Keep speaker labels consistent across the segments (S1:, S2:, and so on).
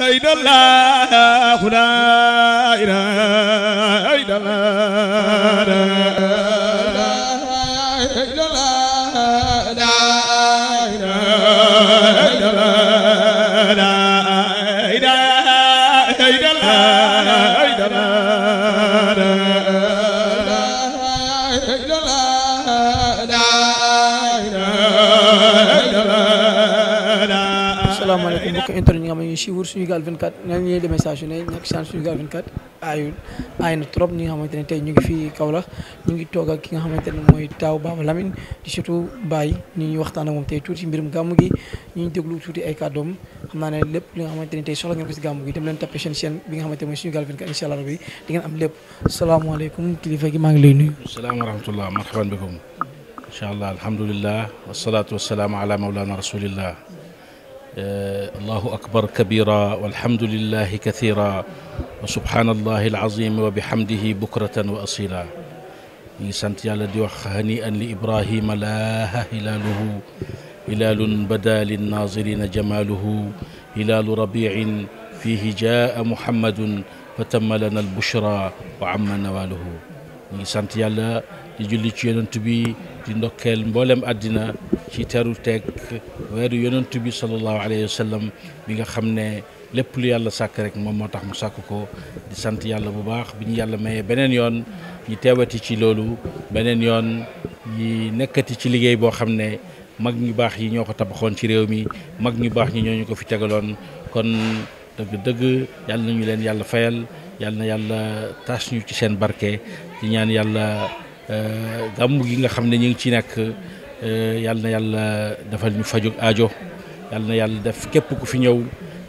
S1: إلا الله لا إله إلا الله la la asalaamaaleykum mbokk internet ñi nga xam ne ñuy suivre Sunugal 24 nan ñuy demee saa su ne ñàkk chance Sunugal 24 aayu aay na trop ñi nga xamante ne tey ñu ngi fii Kaolack ñu ngi toog ak ki nga xamante ne mooy taaw Baba Lamine di surtout Baye ñu ñuy waxtaan ak moom tey tuuti mbirum gàmm gi ñu ngi déglu tuuti ay kàddoom xam naa ne lépp li nga xamante ne tey soxla ngeen ko si gàmm gi dem leen tapé seen chaîne bi nga xamante ne mooy Sunugal 24 incha allah rabbi di ngeen am lépp salaamaaleykum kilifa gi maa ngi lay nuyu
S2: salaam wa rahmatullah marhaban bikum incha allah alhamdulilah wasalaatu wasalaamu ala mawlana rasulillah Eh, allahu akbar kabira walhamdulillahi kathira wa subhaanallahi alazim wa bihamdihi bukratan wa asila ñu ngi sant yàlla di wax hani an li ibrahima laaha hilaaluhu hilaalun bada linnaazirina jamaaluhu hilaalu rabiin fiihi jaa muhammadun fa tamma lana albushra wa amma nawaaluhu ñu ngi sant yàlla di julli ci yonent bi di ndokkeel mboolem àddina ci teru teeg weeru yonent bi sallallahu alayhi wa bi nga xam ne lépp lu yàlla sàkk rek moom moo tax mu sàkk ko di sant yàlla bu baax bi ñu yàlla maye beneen yoon ñi teewati ci loolu beneen yoon ñi nekkati ci liggéey boo xam ne mag ñu baax yi ñoo ko tabaxoon ci réew mi mag ñu baax ñi ñoo ñu ko fi tegaloon kon dëgg-dëgg yàlla ñu leen yàlla fayal yàlla yàlla taas ñu ci seen barke di ñaan yàlla Euh, gàmmu gi nga xam ne ñu ngi ci nekk euh, yal na yàlla defal ñu fajug aajo yal na yàlla def képp ku fi ñëw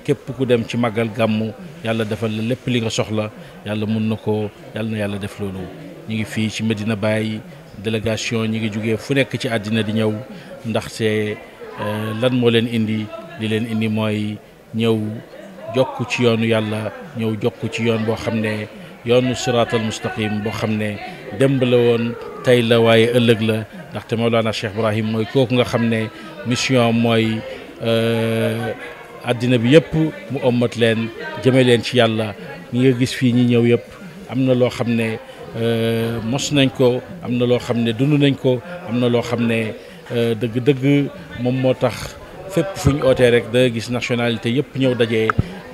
S2: képp ku dem ci màggal gàmmu yàlla defal la lépp li nga soxla yàlla mun na ko yal na yàlla def loolu ñu ngi fii ci Medina Baye délégation ñu ngi jógee fu nekk ci àddina di ñëw ndax ndaxte euh, lan moo leen indi li leen indi mooy ñëw jokk ci yoonu yàlla ñëw jokk ci yoon boo xam ne yoonu siraatal mustaqim boo xam ne démb la woon tey la waaye ëllëg la ndaxte Maulana Cheikh Ibrahim mooy kooku nga xam ne mission mooy àddina euh, bi yëpp mu ommat leen jëme leen ci yàlla ñi nga gis fii ñi ñëw yëpp am na loo xam ne euh, mos nañ ko am na loo xam ne dund nañ ko am na loo xam ne euh, dëgg-dëgg moom moo tax fépp fu ñu ootee rek da gis nationalité yëpp ñëw dajee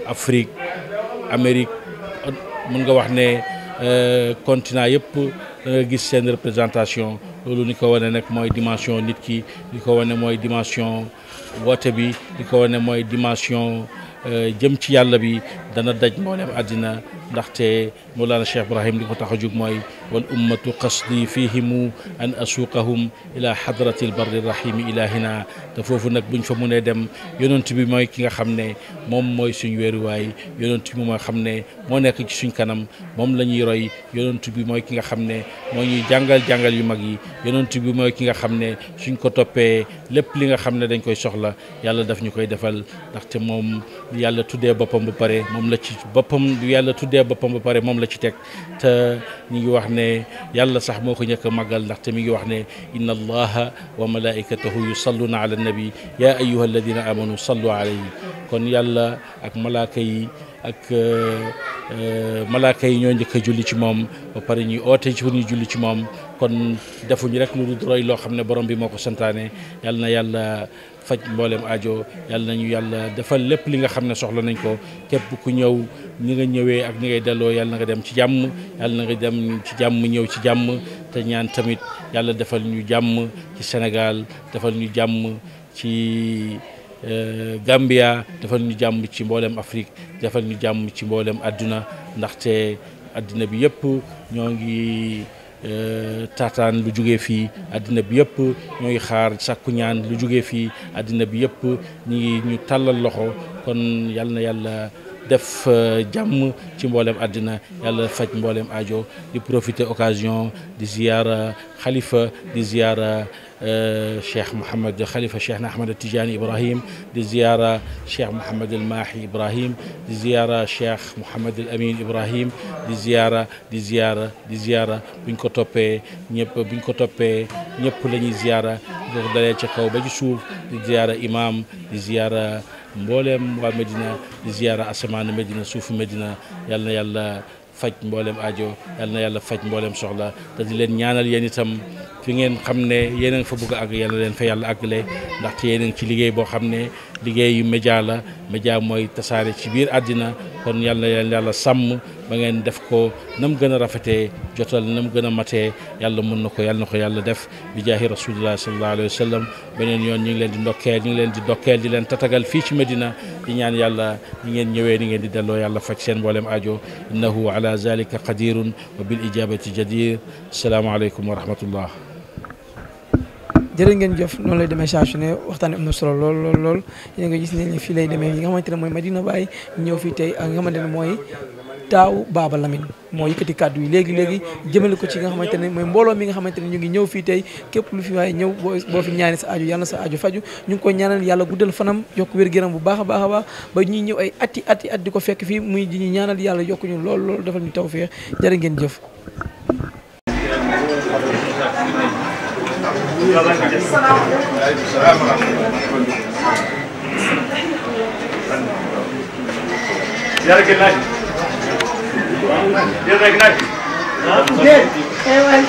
S2: Afrique Amérique mën nga wax ne Euh, continent yëpp da gis seen représentation loolu ni ko wane nag mooy dimension nit ki li ko wane mooy dimension woote bi li ko wane mooy dimension Euh, jëm ci yàlla bi dana daj mboolem àddina ndaxte Mawlana Cheikh Ibrahim li ko tax a jug mooy wal ummatu qasdi fihimu an asuuqahum ila hadrati albarri rahimi ilahina te foofu nag buñ fa mënee dem yonent bi mooy ki nga xam ne moom mooy suñ wéeruwaay yonent bi mooy xam ne moo nekk ci suñ kanam moom la ñuy roy yonent bi mooy ki nga xam ne moo ñuy jàngal jàngal yu mag yi yonent bi mooy ki nga xam ne suñ ko toppee lépp li nga xam ne dañ koy soxla yàlla daf ñu koy defal ndaxte moom yàlla tuddee boppam ba pare moom la ci boppam yàlla tuddee boppam ba pare moom la ci teg te ñu ngi wax ne yàlla sax moo ko ñëkk a màggal ndaxte mi ngi wax ne inna allaha wa malaikatahu yusalluna ala nabi ya ayuha alladina amanu sallu alayhi kon yàlla ak malaaka yi ak euh, euh, malaaka yi ñoo njëkk a julli ci moom ba pare ñuy oote ci pour ñu julli ci moom kon defuñu rekk lu dul roy loo xam ne borom bi moo ko santaane yàlla na yàlla faj mbooleem ajo yàlla nañu yàlla defal lépp li nga xam ne soxla nañ ko képp ku ñëw ni nga ñëwee ak ni ngay delloo yàlla na nga dem ci jàmm yàlla na nga dem ci jàmm ñëw ci jàmm te ñaan tamit yàlla defal ñu jàmm ci Sénégal defal ñu jàmm ci euh, Gambia defal ñu jàmm ci mbooleem Afrique defal ñu jàmm ci mbooleem àdduna ndaxte àdduna bi yëpp ñoo ngi. Euh, taataan lu jugee fii àddina bi yëpp ñoo xaar sàkku ñaan lu jugee fii àddina bi yëpp ñu ñu tàllal loxo kon yàlla na yàlla def euh, jàmm ci mboolem àddina fa faj mboolem aajo di profiter occasion di ziyaara xalifa di ziyaara euh, cheikh Mouhamed xalifa cheikh na Ahmed Tidiane Ibrahim di ziyaara cheikh Mouhamed El Mahi Ibrahim di ziyaara cheikh Mouhamed El Amin Ibrahim di ziyaara di ziyaara di ziyaara buñ ko toppee ñëpp buñ ko toppee ñëpp la ñuy ziyaara kaw ba ci suuf di imam di ziyaara. mbooleem waa Medina di ziyaara asamaanu Medina suufu Medina yal na yàlla faj mbooleem ajo yal na yàlla faj mbooleem soxla te leen ñaanal yéen itam fi ngeen xam ne yéen a nga fa bëgg a àgg leen fa yàlla àggale ndaxte yéen a ngi ci liggéey boo xam ne liggéeyu média la média mooy tasaare ci biir àddina kon yàlla na yàlla sàmm ba ngeen def ko nam gën a rafetee jotal nam gën a matee yàlla mën na ko yàlla na ko yàlla def bi jaahi rasulillah sallallahu alayhi wa sallam beneen yoon ñu ngi leen di ndokkeel ñu ngi leen di ndokkeel di leen tatagal fii ci Medina di ñaan yàlla ñi ngeen ñëwee ni ngeen di delloo yàlla faj seen mboolem aajo innahu ala zalika qadirun wa bil ijabati jadir assalaamu aleykum wa rahmatullah
S1: jërë ngeen jëf noonu lay demee saa su ne waxtaan am na solo lool lool lool yéen nga gis ne fii lay demee yi nga xamante ne mooy Medina Baye ñëw fii tey ak nga xamante ne mooy taaw Baba Lamine moo yëkkati kàddu yi léegi léegi jëmale ko ci nga xamante ne mooy mbooloo mi nga xamante ne ñu ngi ñëw fii tey képp lu fi waaye ñëw boo fi ñaani sa ajo yàlla sa ajo faju ñu ngi ko ñaanal yàlla guddal fanam yokk wér-gu-yaram bu baax a baax a baax ba ñu ñëw ay atti atti at di ko fekk fii muy di ñu ñaanal yàlla yokk ñu lool lool defal ñu tawfeex jërë ngeen jëf
S2: Yargın lan. Yargın lan. Gel.
S1: Eyvallah.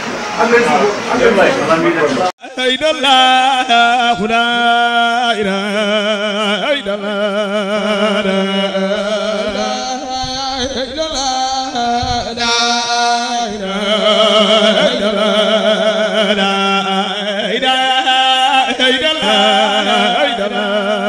S1: أين الله لا إله إلا الله ay dala ay dala